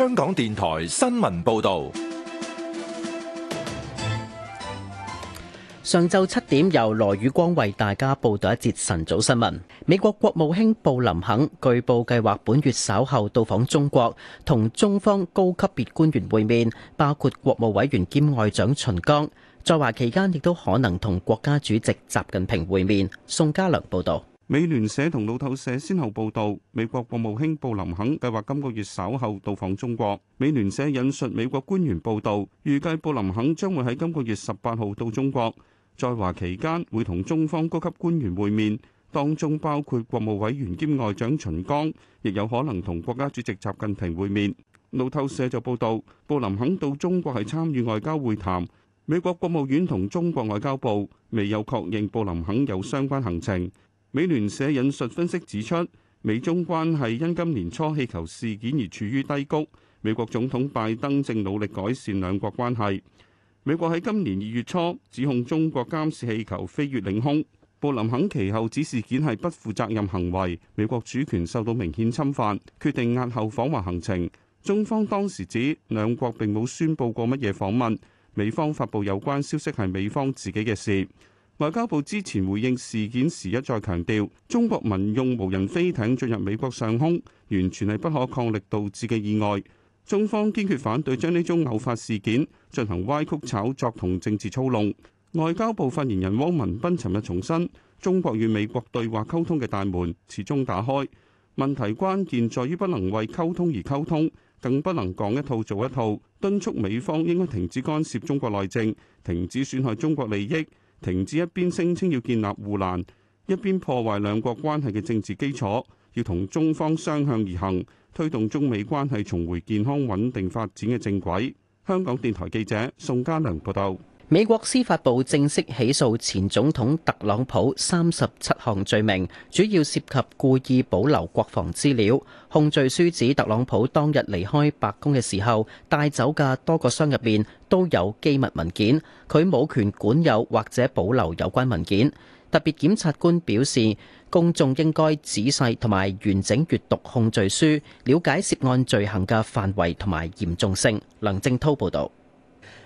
香港電台新聞報道，上晝七點由羅宇光為大家報道一節晨早新聞。美國國務卿布林肯據報計劃本月稍後到訪中國，同中方高級別官員會面，包括國務委員兼外長秦剛。在華期間亦都可能同國家主席習近平會面。宋家良報道。美聯社同路透社先後報道，美國國務卿布林肯計劃今個月稍後到訪中國。美聯社引述美國官員報道，預計布林肯將會喺今個月十八號到中國，在華期間會同中方高級官員會面，當中包括國務委員兼外長秦剛，亦有可能同國家主席習近平會面。路透社就報道，布林肯到中國係參與外交會談，美國國務院同中國外交部未有確認布林肯有相關行程。美聯社引述分析指出，美中關係因今年初氣球事件而處於低谷。美國總統拜登正努力改善兩國關係。美國喺今年二月初指控中國監視氣球飛越領空。布林肯其後指事件係不負責任行為，美國主權受到明顯侵犯，決定押後訪華行程。中方當時指兩國並冇宣布過乜嘢訪問。美方發布有關消息係美方自己嘅事。外交部之前回應事件時一再強調，中國民用無人飛艇進入美國上空，完全係不可抗力導致嘅意外。中方堅決反對將呢宗偶發事件進行歪曲炒作同政治操弄。外交部發言人汪文斌尋日重申，中國與美國對話溝通嘅大門始終打開，問題關鍵在於不能為溝通而溝通，更不能講一套做一套。敦促美方應該停止干涉中國內政，停止損害中國利益。停止一邊聲稱要建立護欄，一邊破壞兩國關係嘅政治基礎，要同中方相向而行，推動中美關係重回健康穩定發展嘅正軌。香港電台記者宋嘉良報道。美國司法部正式起訴前總統特朗普三十七項罪名，主要涉及故意保留國防資料。控罪書指特朗普當日離開白宮嘅時候，帶走嘅多個箱入面都有機密文件，佢冇權管有或者保留有關文件。特別檢察官表示，公眾應該仔細同埋完整閱讀控罪書，了解涉案罪行嘅範圍同埋嚴重性。梁正濤報道。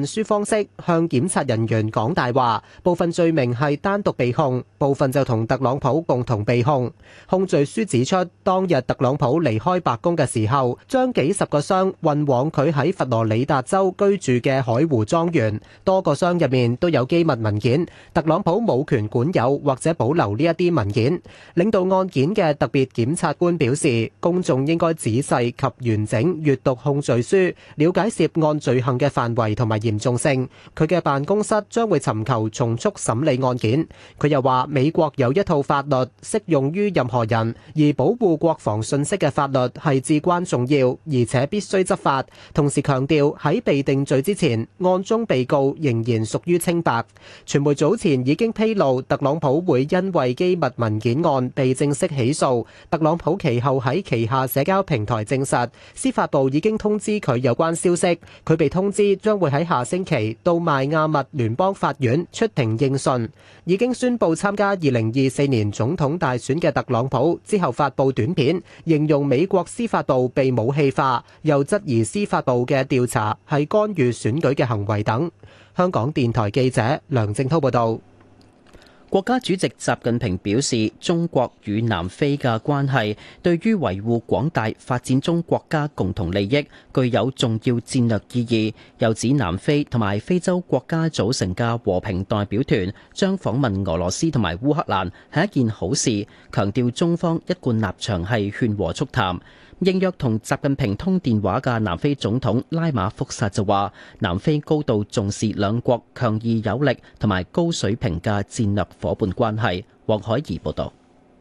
文書方式向檢察人員講大話，部分罪名係單獨被控，部分就同特朗普共同被控。控罪書指出，當日特朗普離開白宮嘅時候，將幾十個箱運往佢喺佛羅里達州居住嘅海湖莊園，多個箱入面都有機密文件，特朗普冇權管有或者保留呢一啲文件。領導案件嘅特別檢察官表示，公眾應該仔細及完整閱讀控罪書，了解涉案罪行嘅範圍同埋嚴重性，佢嘅辦公室將會尋求從速審理案件。佢又話：美國有一套法律適用於任何人，而保護國防信息嘅法律係至關重要，而且必須執法。同時強調喺被定罪之前，案中被告仍然屬於清白。傳媒早前已經披露特朗普會因為機密文件案被正式起訴。特朗普其後喺旗下社交平台證實，司法部已經通知佢有關消息，佢被通知將會喺下。下星期到邁阿密聯邦法院出庭應訊，已經宣布參加二零二四年總統大選嘅特朗普之後發佈短片，形容美國司法部被武器化，又質疑司法部嘅調查係干預選舉嘅行為等。香港電台記者梁正濤報道。國家主席習近平表示，中國與南非嘅關係對於維護廣大發展中國家共同利益，具有重要戰略意義。又指南非同埋非洲國家組成嘅和平代表團將訪問俄羅斯同埋烏克蘭，係一件好事，強調中方一貫立場係勸和促談。應約同習近平通電話嘅南非總統拉馬福薩就話，南非高度重視兩國強而有力同埋高水平嘅戰略夥伴關係。黃海怡報道。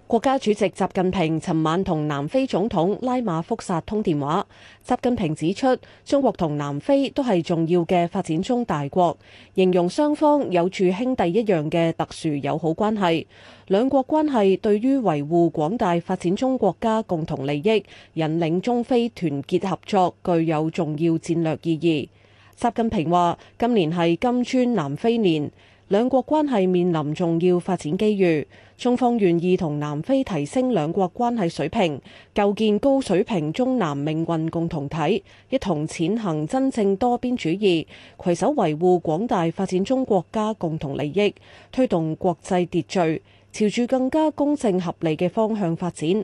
國家主席習近平尋晚同南非總統拉馬福薩通電話。習近平指出，中國同南非都係重要嘅發展中大國，形容雙方有住兄弟一樣嘅特殊友好關係。兩國關係對於維護廣大發展中國家共同利益、引領中非團結合作，具有重要戰略意義。習近平話：今年係金磚南非年，兩國關係面臨重要發展機遇。中方願意同南非提升兩國關係水平，構建高水平中南命運共同體，一同踐行真正多邊主義，攜手維護廣大發展中國家共同利益，推動國際秩序朝住更加公正合理嘅方向發展。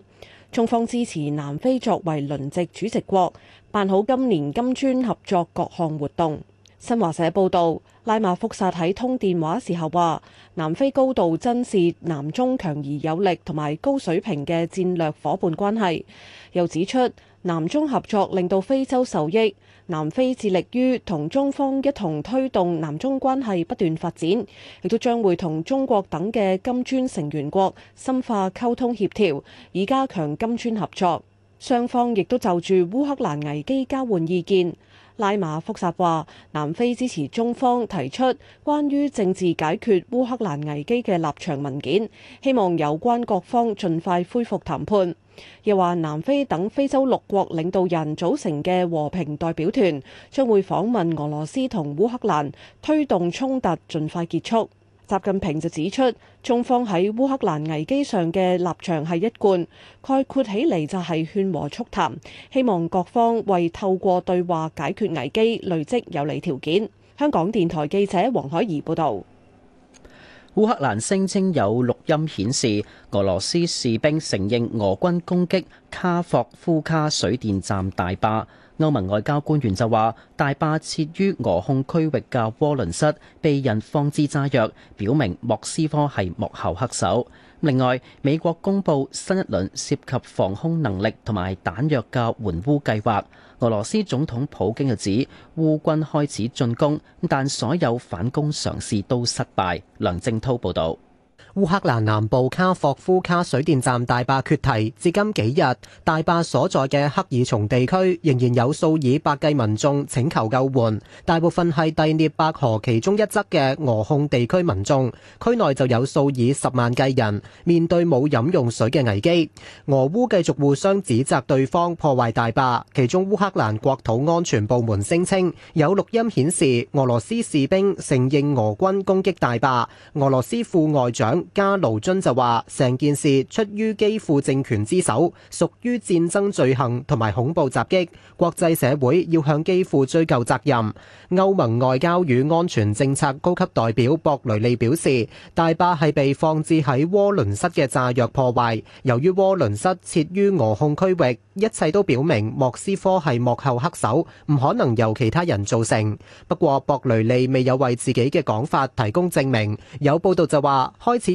中方支持南非作為輪值主席國辦好今年金磚合作各項活動。新華社報道，拉馬福薩喺通電話時候話：南非高度珍視南中強而有力同埋高水平嘅戰略伙伴關係，又指出南中合作令到非洲受益。南非致力於同中方一同推動南中關係不斷發展，亦都將會同中國等嘅金磚成員國深化溝通協調，以加強金磚合作。雙方亦都就住烏克蘭危機交換意見。拉馬福薩話：南非支持中方提出關於政治解決烏克蘭危機嘅立場文件，希望有關各方盡快恢復談判。又話南非等非洲六國領導人組成嘅和平代表團將會訪問俄羅斯同烏克蘭，推動衝突盡快結束。習近平就指出，中方喺烏克蘭危機上嘅立場係一貫，概括起嚟就係勸和促談，希望各方為透過對話解決危機累積有利條件。香港電台記者黃海怡報導。烏克蘭聲稱有錄音顯示，俄羅斯士兵承認俄軍攻擊卡霍夫卡水電站大壩。歐盟外交官員就話：大壩設於俄控區域嘅渦輪室被人放置炸藥，表明莫斯科係幕後黑手。另外，美國公布新一輪涉及防空能力同埋彈藥嘅援烏計劃。俄羅斯總統普京又指，烏軍開始進攻，但所有反攻嘗試都失敗。梁正滔報導。烏克蘭南部卡霍夫卡水電站大壩決堤，至今幾日，大壩所在嘅克爾松地區仍然有數以百計民眾請求救援，大部分係第聶伯河其中一側嘅俄控地區民眾，區內就有數以十萬計人面對冇飲用水嘅危機。俄烏繼續互相指責對方破壞大壩，其中烏克蘭國土安全部門聲稱有錄音顯示俄羅斯士兵承認俄軍攻擊大壩，俄羅斯副外長。加勞津就話：成件事出於基輔政權之手，屬於戰爭罪行同埋恐怖襲擊，國際社會要向基輔追究責任。歐盟外交與安全政策高級代表博雷利表示：大壩係被放置喺渦輪室嘅炸藥破壞，由於渦輪室設於俄控區域，一切都表明莫斯科係幕後黑手，唔可能由其他人造成。不過博雷利未有為自己嘅講法提供證明。有報道就話開始。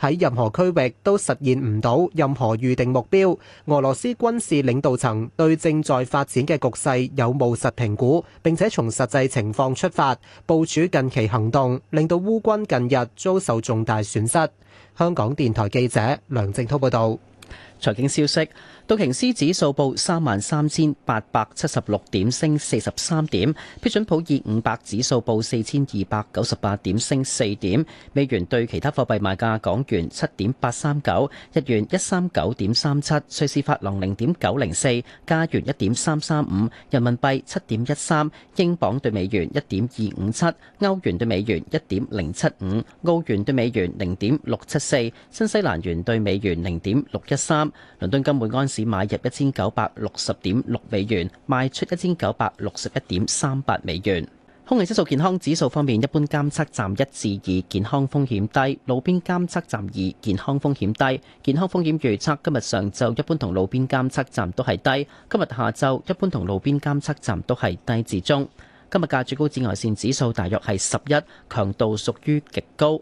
喺任何區域都實現唔到任何預定目標。俄羅斯軍事領導層對正在發展嘅局勢有務實評估，並且從實際情況出發，部署近期行動，令到烏軍近日遭受重大損失。香港電台記者梁正滔報道。財經消息。道瓊斯指數報三萬三千八百七十六點，升四十三點。標準普爾五百指數報四千二百九十八點，升四點。美元對其他貨幣賣價：港元七點八三九，日元一三九點三七，瑞士法郎零點九零四，加元一點三三五，人民幣七點一三，英鎊兌美元一點二五七，歐元兌美元一點零七五，澳元兌美元零點六七四，新西蘭元兌美元零點六一三。倫敦金每安。買入一千九百六十點六美元，賣出一千九百六十一點三八美元。空氣質素健康指數方面，一般監測站一至二健康風險低，路邊監測站二健康風險低。健康風險預測今日上晝一般同路邊監測站都係低，今日下晝一般同路邊監測站都係低至中。今日嘅最高紫外線指數大約係十一，強度屬於極高。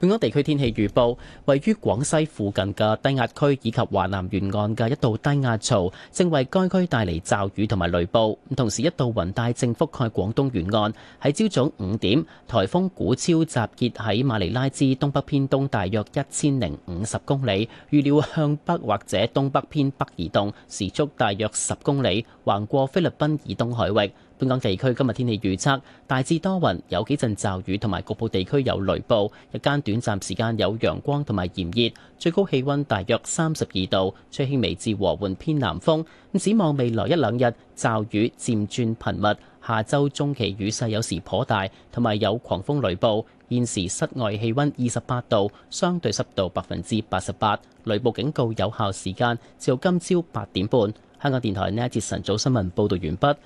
本港地區天氣預報：位於廣西附近嘅低壓區以及華南沿岸嘅一道低壓槽，正為該區帶嚟驟雨同埋雷暴。同時，一道雲帶正覆蓋廣東沿岸。喺朝早五點，颱風古超集結喺馬尼拉之東北偏東大約一千零五十公里，預料向北或者東北偏北移動，時速大約十公里，橫過菲律賓以東海域。本港地區今日天氣預測，大致多雲，有幾陣驟雨，同埋局部地區有雷暴。日間短暫時間有陽光，同埋炎熱，最高氣溫大約三十二度，吹輕微至和緩偏南風，咁，展望未來一兩日驟雨漸轉頻密，下周中期雨勢有時頗大，同埋有狂風雷暴。現時室外氣溫二十八度，相對濕度百分之八十八，雷暴警告有效時間至到今朝八點半。香港電台呢一節晨早新聞報道完畢。